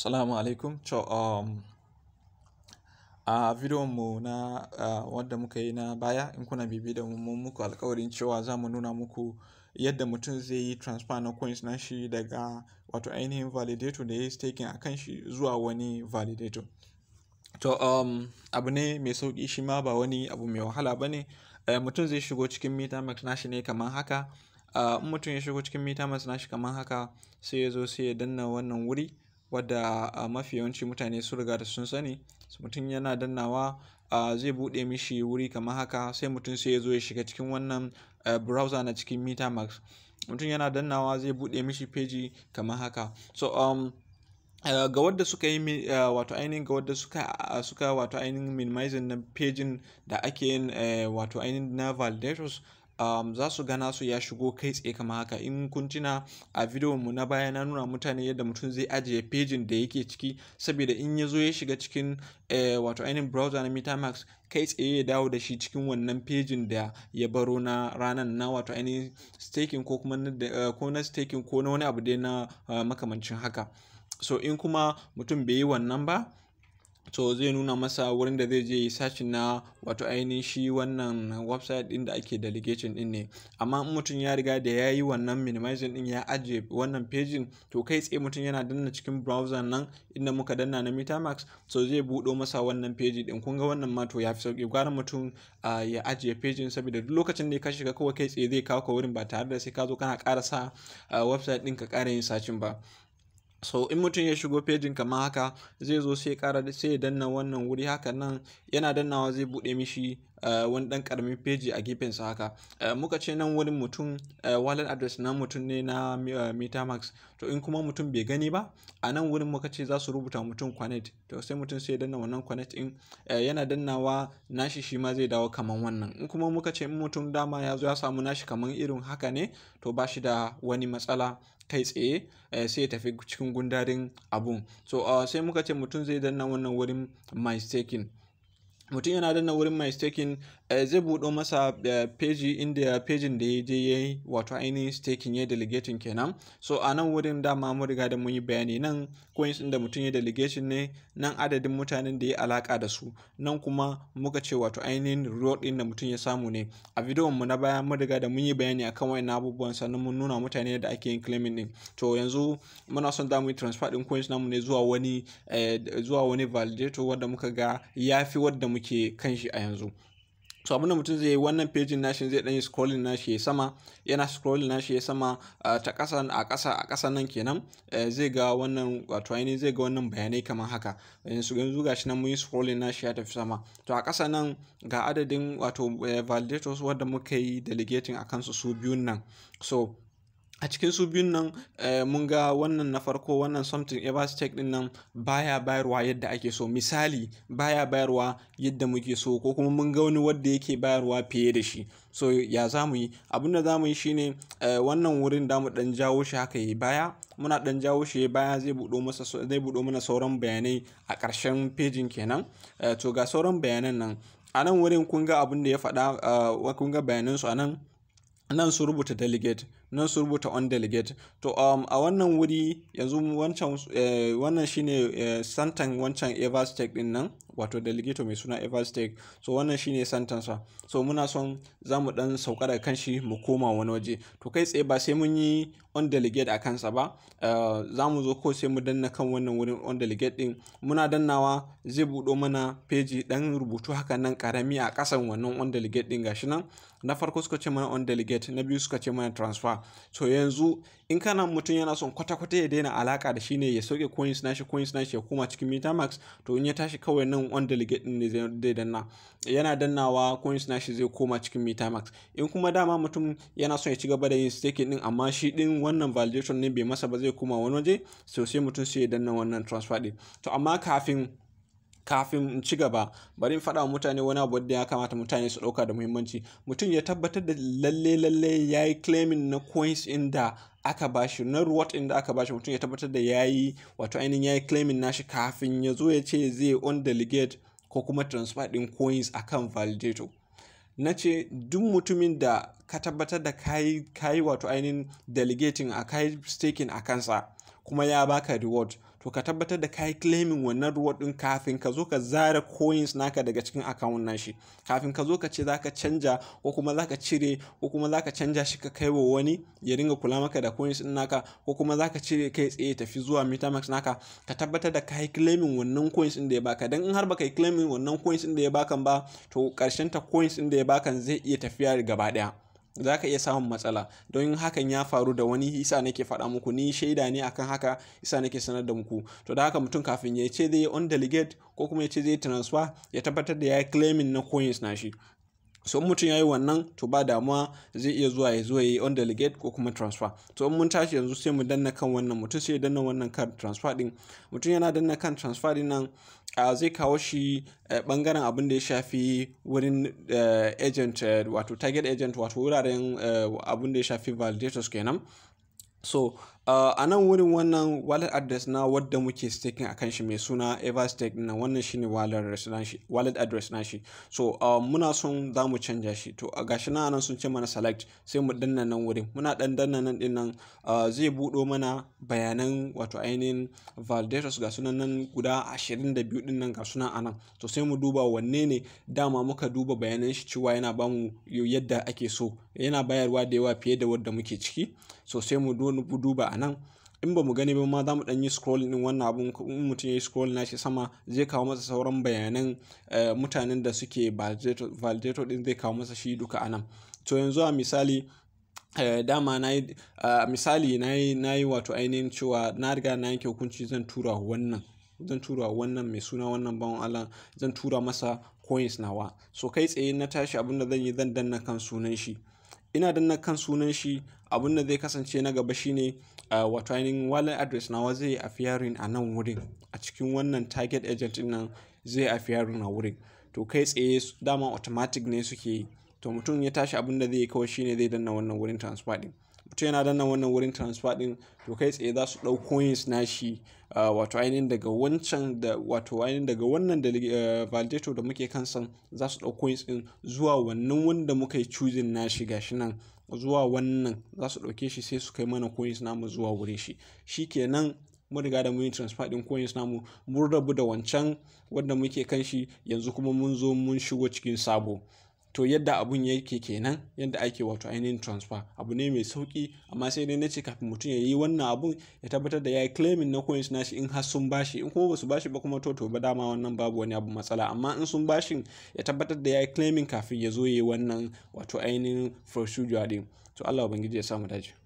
Assalamu alaikum. To, um, a bidiyon mu na uh, wanda muka yi na baya in kuna bibi da mu muku alkawarin cewa za mu nuna muku yadda mutum zai yi transfer na coins na shi daga wato ainihin validator da ya yi staking a kan shi zuwa wani validator. To, um, abu ne mai sauƙi shi ma ba wani abu mai wahala ba ne. Uh, mutum zai shigo cikin na nashi ne kamar haka. uh, mutum ya shigo cikin na nashi kamar haka sai ya zo sai ya danna wannan wuri. wadda a mafi yawanci mutane sun riga da sun sani mutum yana dannawa zai buɗe mishi wuri kamar haka sai mutum sai ya zo ya shiga cikin wannan browser na cikin metamax mutum yana dannawa zai buɗe mishi peji kamar haka so um, Uh, ga wadda suka yi uh, wato ainihin ga wadda suka uh, suka wato ainihin minimizing na pejin da ake yin wato ainihin na validators um, za su gana su ya shigo kai tsaye kama haka in kun tuna a bidiyon mu na baya na nuna mutane yadda mutum zai ajiye pejin da yake ciki saboda in ya zo ya shiga cikin eh, wato ainihin browser na metamax kai tsaye ya dawo da shi cikin wannan pejin da ya baro na ranar na wato ainihin staking ko kuma uh, ko na staking ko na wani abu dai na uh, makamancin haka so in kuma mutum bai yi wannan ba to zai nuna masa wurin da zai je yi sacin na wato ainihin shi wannan website din da ake delegation din ne amma in mutum ya riga da ya yi wannan minimizing din ya ajiye wannan pagin to kai tsaye mutum yana danna cikin browser nan inda muka danna na metamax so zai buɗo masa wannan page din kun ga wannan ma to ya fi sauki gwara mutum ya ajiye pejin saboda duk lokacin da ka shiga kawai kai tsaye zai kawo ka wurin ba tare da sai ka zo kana ƙara sa website din ka ƙara yin sashin ba so in mutum ya shigo pejin kamar haka zai zo sai kara sai ya danna wannan wuri haka nan yana dannawa zai bude mishi eh, wani dan karamin peji a gefensa haka uh, muka ce nan wurin mutum uh, wallet address na mutum ne na uh, metamax to in kuma mutum bai gani ba a nan wurin muka ce za su rubuta mutum connect to sai mutum sai ya danna wannan connect din yana dannawa nashi shi ma zai dawo kaman wannan in kuma muka ce in mutum dama ya zo ya samu nashi kaman irin haka ne to ba shi da wani matsala kai tsaye eh, sai ya tafi cikin gundarin abun so ah, sai muka ce mutum zai danna wannan wurin mistaken mutum yana danna wurin mai staking eh, zai buɗo masa eh, peji inda pejin da ya je ya yi wato ainihin staking ya delegating kenan so a nan wurin dama mun riga da mun yi bayani nan coins inda mutum ya delegation ne nan adadin mutanen da ya alaka da su nan kuma muka ce wato ainihin reward din da mutum ya samu ne a bidiyon mu na baya mun riga da mun yi bayani akan wayannan abubuwan sannan mun nuna mutane da ake yin claiming din to yanzu muna son da mu yi transfer din coins namu ne zuwa wani eh, zuwa wani validator wanda muka ga ya fi wanda mu muke kan shi a yanzu so abinda mutum zai yi wannan pejin nashi zai dan yi scrolling nashi ya sama yana scrolling nashi ya sama ta ƙasa a ƙasa a ƙasa nan kenan eh, zai ga wannan wato ainihin zai ga wannan bayanai kamar haka yanzu yanzu gashi nan mun yi scrolling nashi ya tafi sama to a ƙasa nan ga adadin wato eh, validators wanda muka yi delegating a kansu su biyun nan so a cikin su biyun nan eh, mun ga wannan na farko wannan something everstake din nan baya bayarwa yadda ake so misali baya bayarwa yadda muke so ko kuma mun ga wani wanda yake bayarwa fiye da shi so ya za mu yi abin da za mu yi shine eh, wannan wurin da mu dan jawo shi haka yi baya muna dan jawo shi baya zai budo masa zai buɗo mana sauran bayanai a ƙarshen pejin kenan eh, to ga sauran bayanan nan a nan wurin kun ga abin da ya faɗa kun ga su a nan nan su rubuta delegate nan su rubuta on delegate to um, a wannan wuri yanzu wancan eh, wannan shine eh, santan wancan everstake din nan wato delegate mai suna everstake so wannan shine santan sa so muna son za mu dan sauka da shi mu koma wani waje to kai tsaye ba sai mun yi on delegate a kansa ba uh, za mu zo ko sai mu danna kan wannan wurin on delegate din muna dannawa zai buɗo mana peji dan rubutu haka nan karami a ƙasan wannan on delegate din gashi nan na farko suka ce mana on delegate na biyu suka ce mana transfer to so yanzu in kana mutum yana son kwata-kwata ya daina alaka da shi ne ya sauke coins nashi coins nashi ya koma cikin metamax to in ya tashi kawai nan on delegate ne zai danna yana dannawa coins nashi zai koma cikin metamax in kuma dama mutum yana son ya ci gaba da yin staking din amma shi din wannan validation ne bai masa ba zai koma wani waje sosai mutum sai ya danna wannan transfer din to amma kafin kafin in ci gaba bari in faɗa mutane wani abu da ya kamata mutane su ɗauka da muhimmanci mutum ya tabbatar da lalle lalle ya yi claiming na coins inda aka ba shi na reward inda aka ba shi mutum ya tabbatar da ya yi wato ainihin ya yi claiming nashi kafin ya zo ya ce zai on delegate ko kuma transfer ɗin coins kan validator na ce duk mutumin da ka tabbatar da kayi yi wato ainihin delegating a kai staking a kansa kuma ya baka reward to ka tabbatar da ka yi claiming wannan ruwa din kafin ka zo ka zara coins naka daga cikin account nashi kafin ka zo ka ce zaka canja ko kuma zaka cire ko kuma zaka canja shi ka kai wa wani ya dinga kula maka da coins din naka ko kuma zaka cire kai tsaye tafi zuwa metamax naka ka tabbatar da ka yi claiming wannan coins din da ya baka dan in har baka claiming wannan coins din da ya bakan ba to karshen ta coins din da ya bakan zai iya tafiya gaba daya za ka iya samun matsala don hakan ya faru da wani isa nake faɗa muku ni shaida ne akan haka isa nake sanar da muku to da haka mutum kafin ya ce zai on delegate ko kuma ya ce zai transfer ya tabbatar da ya yi claiming na coins na shi. so in mutum ya yi wannan to ba damuwa zai iya zuwa ya zo ya yi on delegate ko kuma transfer to in mun tashi yanzu sai mu danna kan wannan mutum sai danna wannan kan transfer din mutum yana danna kan transfer din nan a zai kawo shi bangaren eh, abin da ya shafi wurin eh, agent eh, wato target agent wato wuraren abin da ya shafi validators kenan so Uh, a nan wurin wannan wallet address na wadda muke staking a kan shi mai suna everstake na wannan shine wallet address na shi so uh, muna son za mu canja shi to a gashi na nan sun ce mana select sai mu danna nan wurin muna dan danna nan din nan uh, zai buɗo mana bayanan wato ainihin validators ga sunan nan guda 22 din nan ga sunan anan to sai mu duba wanne ne dama muka duba bayanan shi cewa yana bamu yadda ake so yana bayarwa da yawa fiye da wadda muke ciki so sai mu duba a nan in ba mu gani ba ma za mu ɗan yi scrolling din wannan abun in mutum ya yi scrolling nashi sama zai kawo masa sauran bayanan eh, mutanen da suke validator din zai kawo masa shi duka a nan to yanzu a misali eh, dama na yi misali na yi wato ainihin cewa na riga na yanke hukunci zan tura wannan zan tura wannan mai suna wannan ban Allah zan tura masa coins nawa so kai tsaye na tashi abinda zan yi zan danna kan sunan shi ina danna kan sunan shi Abin da zai kasance na gaba shine ah, wato ainihin wallet address nawa zai afiyarin a nan wurin a cikin wannan target agent din nan zai afiyarin a wurin to kai tsaye dama automatic ne suke yi to mutum ya tashi abin da zai yi kawai shine zai danna wannan wurin transfer din mutum yana danna wannan wurin transfer din to kai tsaye za su dau coins shi ah, wato ainihin daga wancan da wato ainihin daga wannan da ah, validator da muke kansan za su dau coins din zuwa wannan wanda muka yi choosing shi, gashi nan zuwa wannan za su ɗauke shi sai su kai mana coins namu zuwa wuri shi shi kenan mun riga da mun yi transfer din coins namu mun rabu da wancan wanda muke kan shi yanzu kuma mun zo mun shigo cikin sabo to yadda abun yake kenan yadda ake wato ainihin transfer abu ne mai sauki amma sai dai na ce kafin mutum ya yi wannan abun ya tabbatar da ya yi claiming na coins shi in har sun bashi in kuma basu bashi ba kuma to to ba dama wannan babu wani abu matsala amma in sun bashin ya tabbatar da ya yi claiming kafin ya zo ya yi wannan wato ainihin procedure din to Allah ubangiji ya samu dace